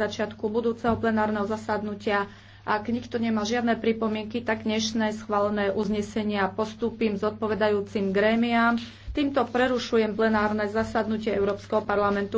začiatku budúceho plenárneho zasadnutia. Ak nikto nemá žiadne pripomienky, tak dnešné schválené uznesenia postúpim zodpovedajúcim grémiám. Týmto prerušujem plenárne zasadnutie Európskeho parlamentu.